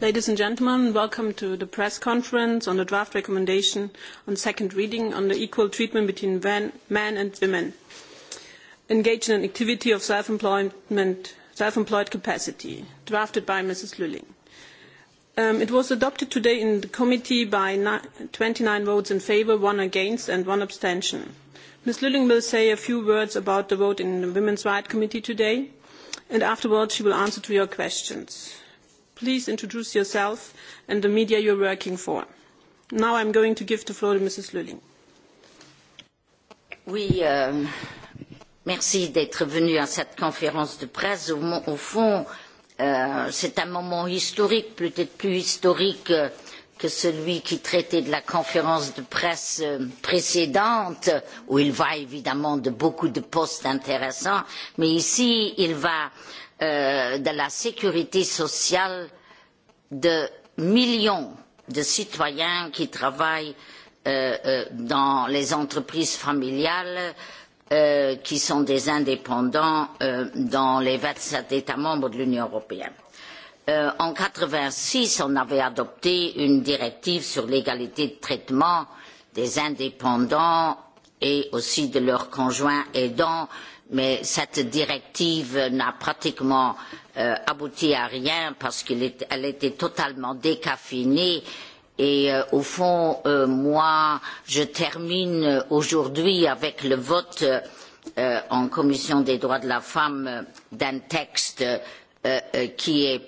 Ladies and gentlemen, welcome to the press conference on the draft recommendation on second reading on the equal treatment between men and women engaged in an activity of self-employment, self-employed capacity, drafted by Mrs. Lülling. Um, it was adopted today in the committee by 29 votes in favor, one against, and one abstention. Ms. Lülling will say a few words about the vote in the Women's Rights Committee today, and afterwards, she will answer to your questions please introduce yourself and the media you're working for. Now I'm going to give the floor to Mrs. Lulling. Oui, euh, merci d'être venu à cette conférence de presse. Au, au fond, euh, c'est un moment historique, peut-être plus historique euh, que celui qui traitait de la conférence de presse euh, précédente, où il va évidemment de beaucoup de postes intéressants, mais ici, il va euh, Euh, de la sécurité sociale de millions de citoyens qui travaillent euh, euh, dans les entreprises familiales, euh, qui sont des indépendants euh, dans les 27 États membres de l'Union européenne. Euh, en 1986, on avait adopté une directive sur l'égalité de traitement des indépendants et aussi de leurs conjoints aidants, mais cette directive n'a pratiquement euh, abouti à rien parce qu'elle elle était totalement décaffinée. Et euh, au fond, euh, moi, je termine aujourd'hui avec le vote euh, en commission des droits de la femme d'un texte euh, euh, qui est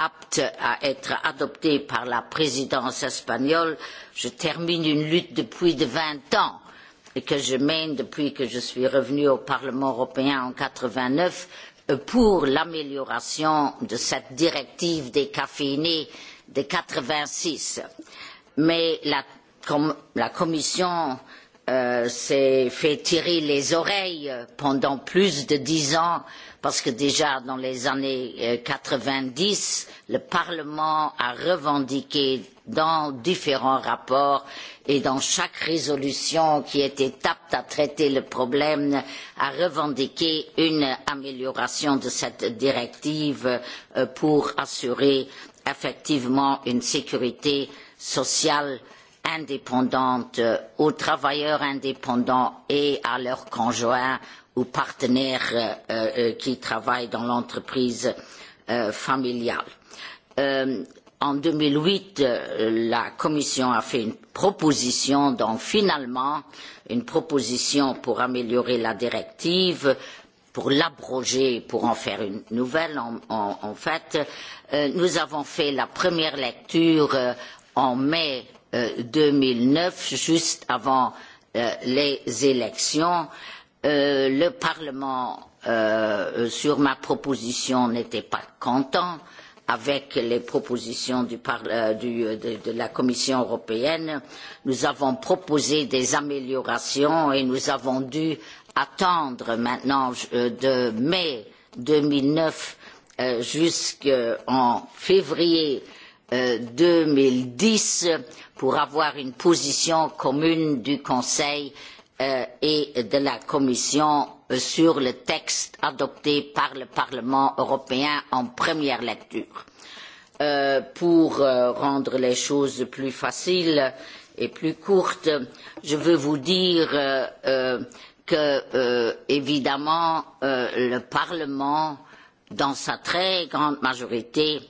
apte à être adopté par la présidence espagnole. Je termine une lutte depuis de 20 ans et que je mène depuis que je suis revenu au Parlement européen en 89 euh, pour l'amélioration de cette directive des caféinés de 86. Mais la, com la Commission Euh, s'est fait tirer les oreilles pendant plus de dix ans parce que déjà dans les années 90, euh, le Parlement a revendiqué dans différents rapports et dans chaque résolution qui était apte à traiter le problème, a revendiqué une amélioration de cette directive euh, pour assurer effectivement une sécurité sociale euh, indépendantes euh, aux travailleurs indépendants et à leurs conjoints ou partenaires euh, euh, qui travaillent dans l'entreprise euh, familiale. Euh, en 2008, euh, la Commission a fait une proposition, donc finalement, une proposition pour améliorer la directive, pour l'abroger, pour en faire une nouvelle, en, en, en fait. Euh, nous avons fait la première lecture euh, en mai Euh, deux mille neuf juste avant euh, les élections euh, le parlement sur ma proposition n'était pas content avec les propositions du, du, de, de la Commission européenne, nous avons proposé des améliorations et nous avons dû attendre maintenant de mai 2009 jusqu'en février 2010 euh, 2010 pour avoir une position commune du Conseil euh, et de la Commission sur le texte adopté par le Parlement européen en première lecture. Euh, pour euh, rendre les choses plus faciles et plus courtes, je veux vous dire euh, euh, que, euh, évidemment, euh, le Parlement, dans sa très grande majorité, euh,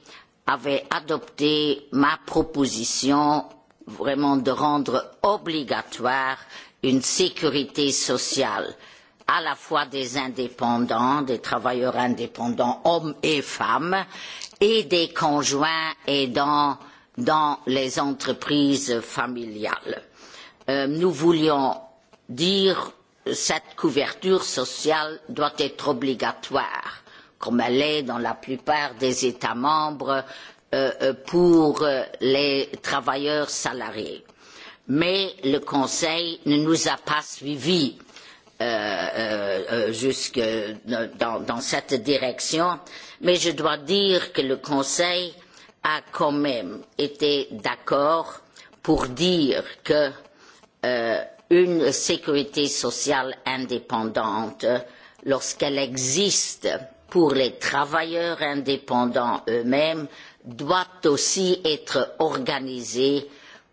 avait adopté ma proposition vraiment de rendre obligatoire une sécurité sociale à la fois des indépendants, des travailleurs indépendants, hommes et femmes, et des conjoints aidants dans les entreprises familiales. Euh, nous voulions dire que cette couverture sociale doit être obligatoire comme elle est dans la plupart des États membres, euh, euh pour euh, les travailleurs salariés. Mais le Conseil ne nous a pas suivis euh, euh, euh jusque dans, dans cette direction, mais je dois dire que le Conseil a quand même été d'accord pour dire que euh, une sécurité sociale indépendante, lorsqu'elle existe, pour les travailleurs indépendants eux-mêmes doit aussi être organisé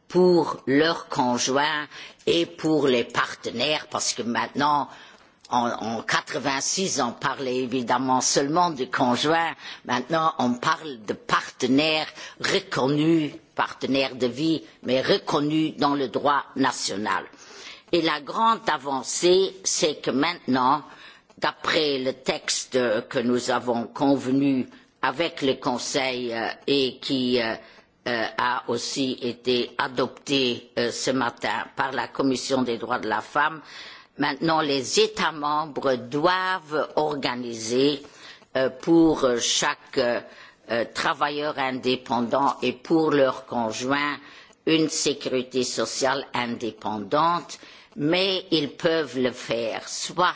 pour leurs conjoints et pour les partenaires, parce que maintenant, en, en 86, on parlait évidemment seulement de conjoints, maintenant on parle de partenaires reconnus, partenaires de vie, mais reconnus dans le droit national. Et la grande avancée, c'est que maintenant, d'après le texte que nous avons convenu avec le Conseil euh, et qui euh, euh, a aussi été adopté ce matin par la Commission des droits de la femme, maintenant les États membres doivent organiser pour chaque travailleur indépendant et pour leur conjoint une sécurité sociale indépendante, mais ils peuvent le faire soit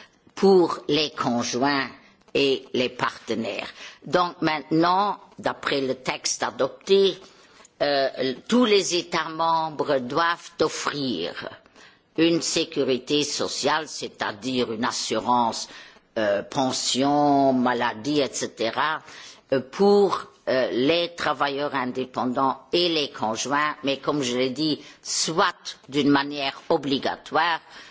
pour les conjoints et les partenaires. Donc maintenant, d'après le texte adopté, euh, tous les États membres doivent offrir une sécurité sociale, c'est-à-dire une assurance euh, pension, maladie, etc., euh, pour euh, les travailleurs indépendants et les conjoints, mais comme je l'ai dit, soit d'une manière obligatoire, euh,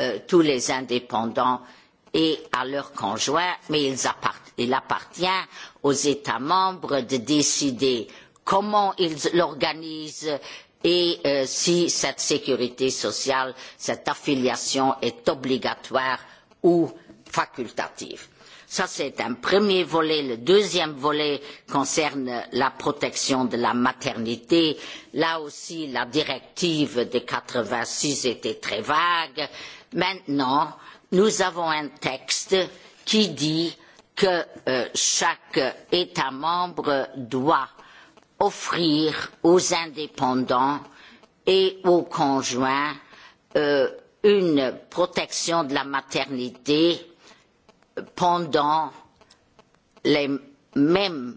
euh, tous les indépendants et à leurs conjoints, mais ils il appartient aux États membres de décider comment ils l'organisent et euh, si cette sécurité sociale, cette affiliation est obligatoire ou facultative. Ça, c'est un premier volet. Le deuxième volet concerne la protection de la maternité. Là aussi, la directive de 86 était très vague. Maintenant, nous avons un texte qui dit que euh, chaque État membre doit offrir aux indépendants et aux conjoints euh, une protection de la maternité pendant les mêmes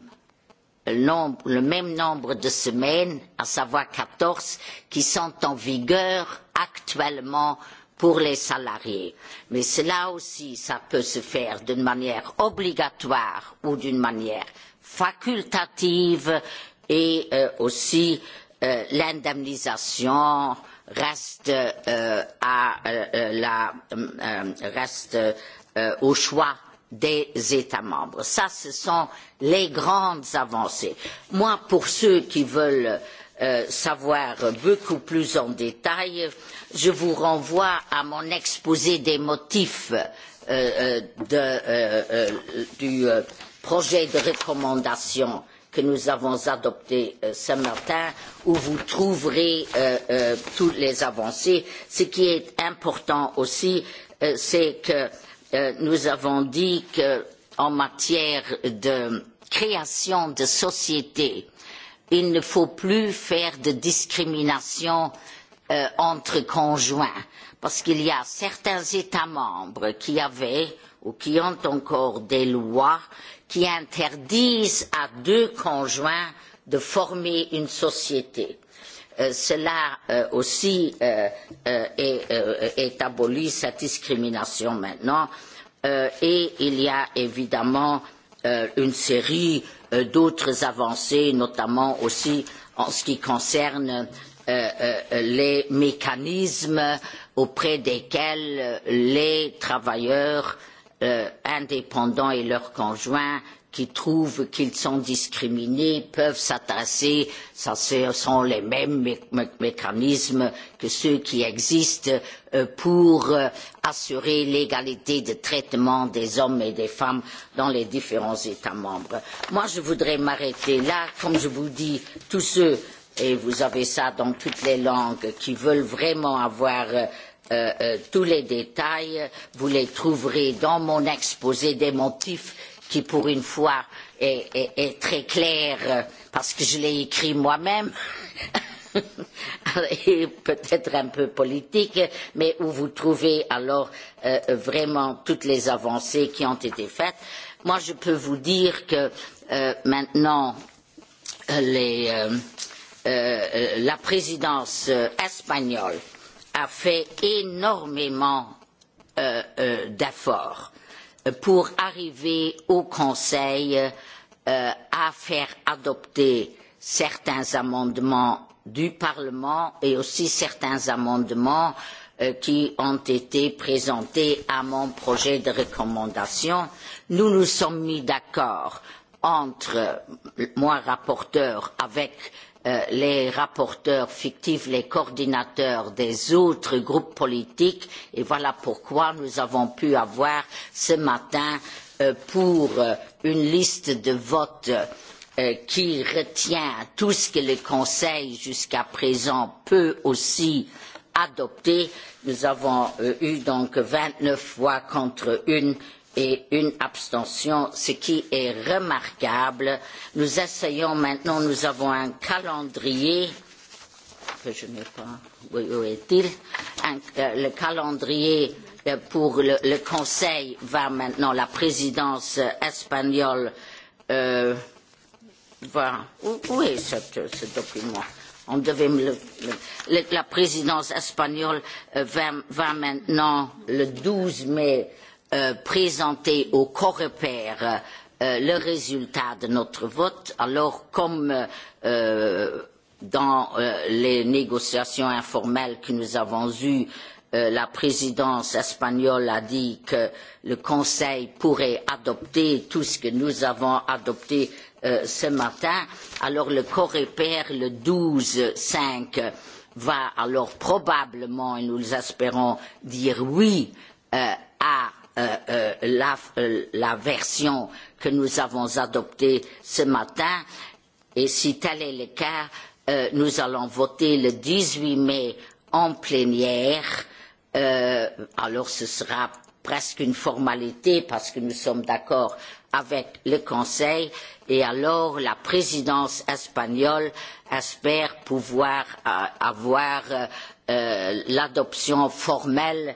nombre, le même nombre de semaines, à savoir 14, qui sont en vigueur actuellement pour les salariés. Mais cela aussi, ça peut se faire d'une manière obligatoire ou d'une manière facultative et euh, aussi euh, l'indemnisation reste, euh, à, euh, euh la, euh, euh, reste euh, au choix des États membres. Ça, ce sont les grandes avancées. Moi, pour ceux qui veulent euh, Euh, savoir beaucoup plus en détail je vous renvoie à mon exposé des motifs euh, euh, du euh, projet de recommandation que nous avons adopté euh, ce matin où vous trouverez euh, euh, toutes les avancées. Ce qui est important aussi, euh, c'est que euh, nous avons dit qu'en matière de création de sociétés, il ne faut plus faire de discrimination euh, entre conjoints parce qu'il y a certains États membres qui avaient ou qui ont encore des lois qui interdisent à deux conjoints de former une société. Euh, cela euh, aussi euh, euh, est, euh, est aboli, cette discrimination maintenant. Euh, et il y a évidemment euh, euh, une série euh, d'autres avancées, notamment aussi en ce qui concerne euh, euh, les mécanismes auprès desquels euh, les travailleurs euh, indépendants et leurs conjoints qui trouvent qu'ils sont discriminés peuvent s'attasser. Ce sont les mêmes mé mé mécanismes que ceux qui existent euh, pour euh, assurer l'égalité de traitement des hommes et des femmes dans les différents États membres. Moi, je voudrais m'arrêter là. Comme je vous dis, tous ceux, et vous avez ça dans toutes les langues, qui veulent vraiment avoir euh, euh, euh, tous les détails, vous les trouverez dans mon exposé des motifs qui pour une fois est, est, est très clair parce que je l'ai écrit moi-même et peut-être un peu politique, mais où vous trouvez alors euh, vraiment toutes les avancées qui ont été faites. Moi, je peux vous dire que euh, maintenant, les, euh, euh, la présidence euh, espagnole a fait énormément euh, euh, d'efforts pour arriver au conseil euh, à faire adopter certains amendements du parlement et aussi certains amendements euh, qui ont été présentés à mon projet de recommandation. Nous nous sommes mis d'accord entre moi rapporteur avec Euh, les rapporteurs fictifs les coordinateurs des autres groupes politiques et voilà pourquoi nous avons pu avoir ce matin euh, pour euh, une liste de votes euh, qui retient tout ce que le Conseil jusqu'à présent peut aussi adopter. Nous avons euh, eu donc 29 voix contre une et une abstention, ce qui est remarquable. Nous essayons maintenant, nous avons un calendrier que je n'ai pas. Où est-il un, euh, Le calendrier euh, pour le, le Conseil va maintenant, la présidence euh, espagnole euh, va. Où, où est ce, ce document on devait le, le, la présidence espagnole euh, va, va maintenant le 12 mai Euh, présenter au coreper euh, le résultat de notre vote. Alors, comme euh, dans euh, les négociations informelles que nous avons eues, euh, la présidence espagnole a dit que le Conseil pourrait adopter tout ce que nous avons adopté euh, ce matin. Alors, le coreper, le 12-5, va alors probablement, et nous espérons, dire oui euh, à euh, euh, euh, la, euh, la version que nous avons adoptée ce matin. Et si tel est le cas, euh, nous allons voter le 18 mai en plénière. Euh, alors ce sera presque une formalité parce que nous sommes d'accord avec le Conseil. Et alors la présidence espagnole espère pouvoir euh, avoir euh, euh, l'adoption formelle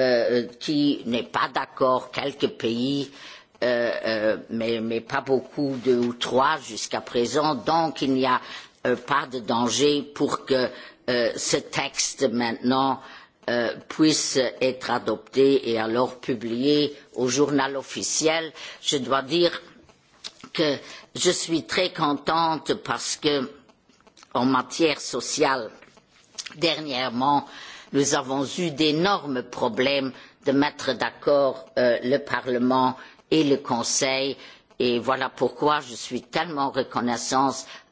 Eh, qui n'est pas d'accord, quelques pays, euh, euh, mais, mais pas beaucoup, deux ou trois jusqu'à présent. Donc il n'y a euh, pas de danger pour que euh, ce texte maintenant euh, puisse être adopté et alors publié au journal officiel. Je dois dire que je suis très contente parce que en matière sociale, dernièrement, euh, nous avons eu d'énormes problèmes à mettre d'accord euh, le parlement et le conseil et voilà pourquoi je suis tellement reconnaissante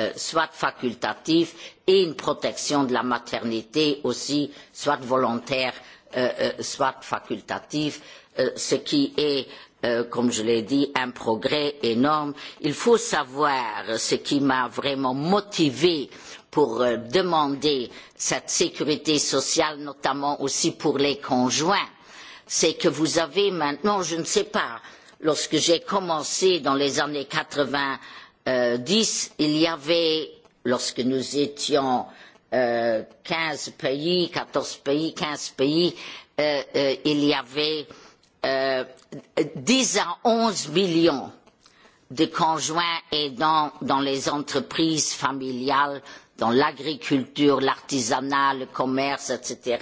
Euh, soit facultatif et une protection de la maternité aussi soit volontaire euh, euh, soit facultative ce qui est comme je l'ai dit un progrès énorme. il faut savoir ce qui m'a vraiment motivé pour demander cette sécurité sociale notamment aussi pour les conjoints c'est que vous avez maintenant je ne sais pas lorsque j'ai commencé dans les années quatre vingts Euh, dix il y avait lorsque nous étions euh, 15 pays, 14 pays, 15 pays, euh, euh, il y avait euh, 10 à 11 millions de conjoints aidants dans les entreprises familiales, dans l'agriculture, l'artisanat, le commerce, etc.,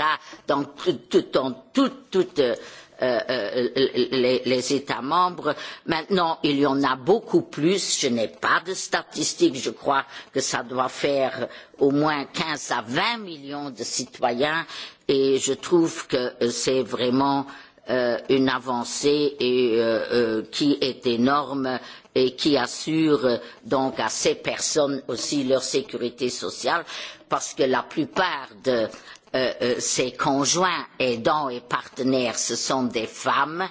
dans tout, tout, dans tout, tout euh, Euh, euh, euh, les, les États membres. Maintenant, il y en a beaucoup plus. Je n'ai pas de statistiques. Je crois que ça doit faire au moins 15 à 20 millions de citoyens. Et je trouve que c'est vraiment euh, une avancée et, euh, euh, qui est énorme et qui assure donc à ces personnes aussi leur sécurité sociale parce que la plupart de, euh, Euh, euh, ses conjoints aidants et partenaires, ce sont des femmes.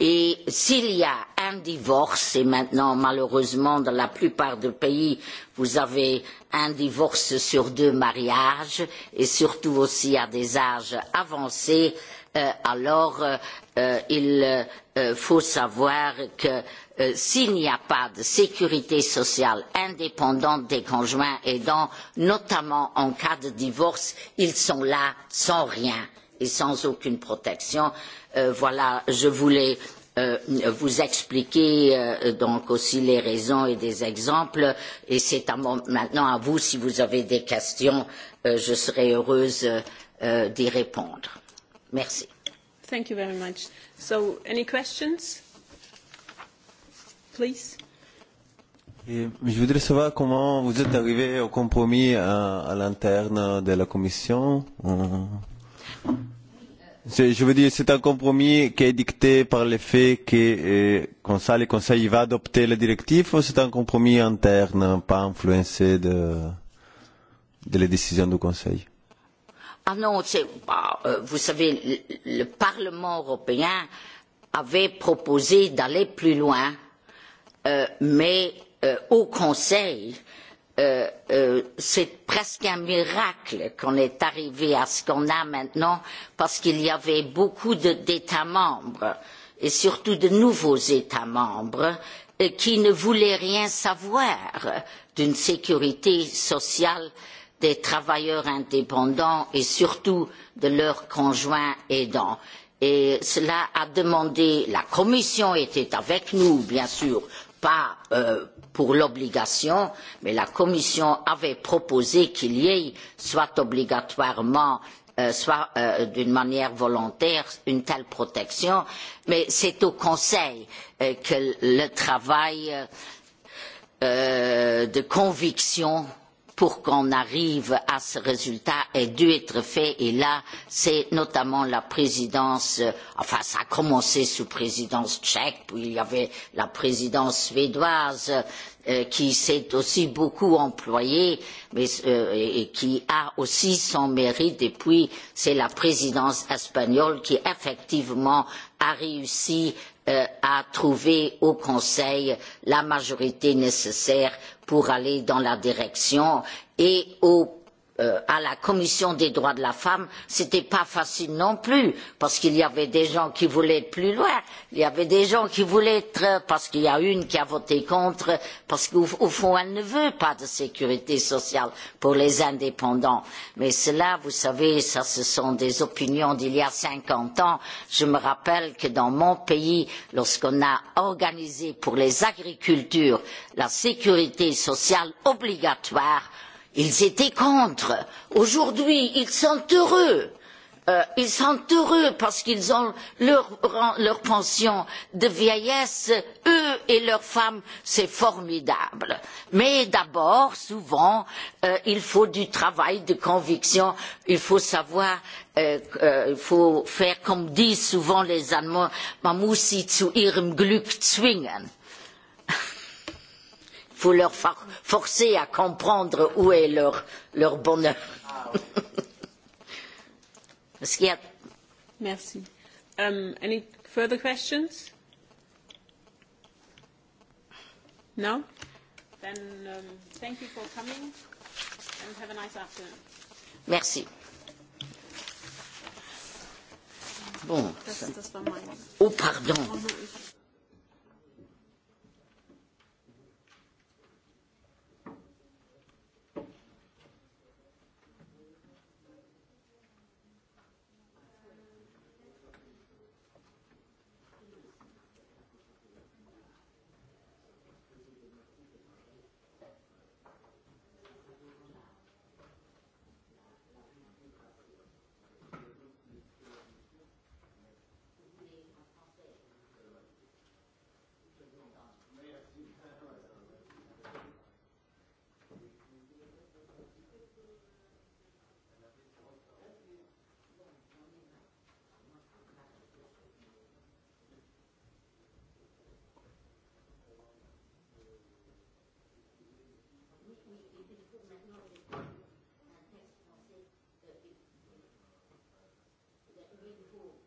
Et s'il y a un divorce, et maintenant malheureusement dans la plupart des pays, vous avez un divorce sur deux mariages, et surtout aussi à des âges avancés, euh, alors euh, euh il euh, faut savoir que euh, Euh, s'il n'y a pas de sécurité sociale indépendante des conjoints aidants notamment en cas de divorce ils sont là sans rien et sans aucune protection. Euh, voilà je voulais euh, vous expliquer euh, donc aussi les raisons et des exemples et c'est à mon, maintenant à vous si vous avez des questions euh, je serai heureuse euh, d'y répondre. Merci. Thank you very much. So, any questions? please. Et je voudrais savoir comment vous êtes arrivé au compromis à, à l'interne de la Commission. Euh, je veux dire, c'est un compromis qui est dicté par le fait que, euh, comme ça, le Conseil va adopter la directive ou c'est un compromis interne, pas influencé de, de les décisions du Conseil Ah non, euh, vous savez, le, le Parlement européen avait proposé d'aller plus loin. Euh, Euh, mais euh, au Conseil, euh, euh, c'est presque un miracle qu'on est arrivé à ce qu'on a maintenant, parce qu'il y avait beaucoup d'États membres, et surtout de nouveaux États membres, euh, qui ne voulaient rien savoir d'une sécurité sociale des travailleurs indépendants et surtout de leurs conjoints aidants. Et cela a demandé, la Commission était avec nous, bien sûr, pas euh, pour l'obligation, mais la Commission avait proposé qu'il y ait soit obligatoirement, euh, soit euh, d'une manière volontaire, une telle protection. Mais c'est au Conseil euh, que le travail euh, de conviction euh, pour qu'on arrive à ce résultat ait dû être fait et là c'est notamment la présidence euh, enfin ça a commencé sous présidence tchèque puis il y avait la présidence suédoise euh, qui s'est aussi beaucoup employée mais, euh, et qui a aussi son mérite et puis c'est la présidence espagnole qui effectivement a réussi euh, à trouver au Conseil la majorité nécessaire pour aller dans la direction et au euh, à la commission des droits de la femme, c'était pas facile non plus, parce qu'il y avait des gens qui voulaient être plus loin, il y avait des gens qui voulaient être, parce qu'il y a une qui a voté contre, parce qu'au fond, elle ne veut pas de sécurité sociale pour les indépendants. Mais cela, vous savez, ça, ce sont des opinions d'il y a 50 ans. Je me rappelle que dans mon pays, lorsqu'on a organisé pour les agricultures la sécurité sociale obligatoire, Ils étaient contre. Aujourd'hui, ils sont heureux. Euh, ils sont heureux parce qu'ils ont leur, leur pension de vieillesse, eux et leurs femmes, c'est formidable. Mais d'abord, souvent, euh, il faut du travail, de conviction, il faut savoir, euh, euh, il faut faire comme disent souvent les Allemands, man muss sie zu ihrem Glück zwingen faut leur fa forcer à comprendre où est leur, leur bonheur. Ah, okay. Merci. Um, any further questions? No? Then um, thank you for coming and have a nice afternoon. Merci. Bon. Das, das war mein oh, pardon. Oh, Thank you.